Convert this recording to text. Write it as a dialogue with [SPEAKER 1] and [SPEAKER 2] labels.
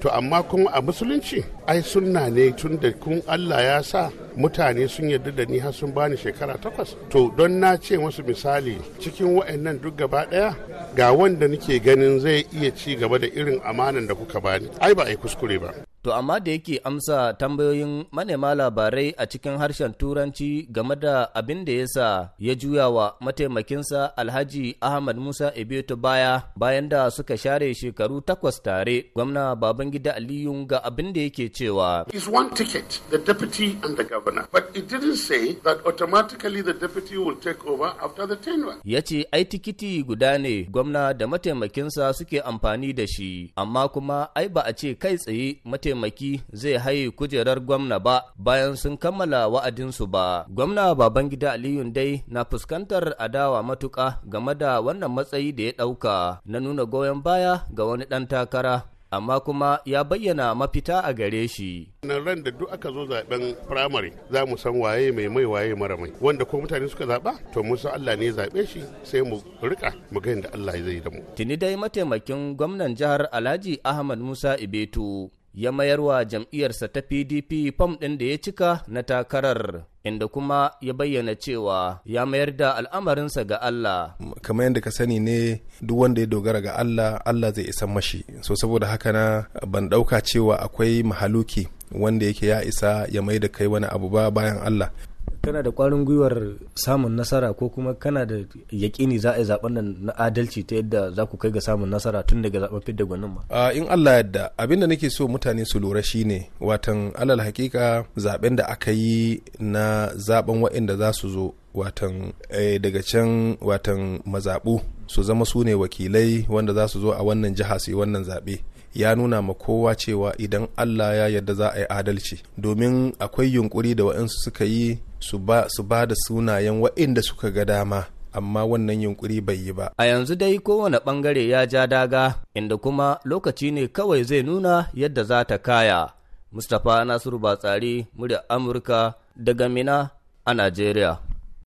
[SPEAKER 1] To amma kuma a musulunci ai sunna ne tun da kun Allah ya sa mutane sun yarda da ni har sun bani shekara takwas. To don na ce wasu misali cikin wa'annan duk gaba ɗaya ga wanda nake ganin zai iya ci gaba da irin amanan da kuka bani. Ai ba a yi kuskure ba.
[SPEAKER 2] To amma da yake amsa tambayoyin manema labarai a cikin harshen Turanci game da abin da ya sa ya juya wa mataimakinsa Alhaji Ahmad Musa Ebeto baya bayan da suka share shekaru takwas tare gwamna Babangida Aliyu ga abin da yake cewa. Is one ticket, the deputy and the governor. But
[SPEAKER 1] it didn't say that automatically the deputy will take over after the tenure.
[SPEAKER 2] Ya ce ai tikiti guda ne gwamna da mataimakinsa suke amfani da shi, amma kuma ai ba a ce kai tsaye mataimakin mataimaki zai haye kujerar gwamna ba bayan sun kammala wa'adinsu ba. Gwamna Babangida Aliyu dai na fuskantar adawa matuka game da wannan matsayi da ya ɗauka na nuna goyon baya ga wani ɗan takara amma kuma ya bayyana mafita a gare shi. Na ran da duk aka zo zaben firamare za
[SPEAKER 1] mu san waye mai mai waye mara mai wanda ko mutane suka zaɓa to san Allah ne zaɓe shi sai mu rika mu ga yadda Allah zai da mu.
[SPEAKER 2] Tuni dai mataimakin gwamnan jihar Alhaji Ahmad Musa Ibetu ya mayar wa jam'iyyarsa ta PDP fom ɗin da ya cika na takarar, inda kuma ya bayyana cewa ya mayar da al'amarinsa ga Allah.
[SPEAKER 3] Kamar yadda ka sani ne duk wanda ya dogara ga Allah, Allah zai isa mashi. So saboda haka na ban ɗauka cewa akwai mahaluki wanda yake ya isa ya mai da kai wani abu ba bayan Allah.
[SPEAKER 2] kana da kwarin gwiwar samun nasara ko kuma kana da yakini za a yi zaben nan na adalci ta yadda za ku kai ga samun nasara tun daga zaben fidda gwanin ma
[SPEAKER 3] ah, in Allah yadda abin da nake so mutane su lura shi ne watan alal hakika zaɓen da aka yi na zaben waɗanda za su zo watan eh, daga can watan mazaɓu su zama su ne wakilai wanda za su zo a wannan jiha su yi wannan zaɓe ya nuna ma kowa cewa idan Allah ya yarda za a yi adalci domin akwai yunkuri da wa'insu suka yi su ba da sunayen wa'inda suka ga dama amma wannan yunkuri bai yi ba.
[SPEAKER 2] A yanzu dai kowane bangare ya ja daga inda kuma lokaci ne kawai zai nuna yadda za ta kaya. Mustapha Nasiru Batsari, murya Amurka daga Mina a Najeriya.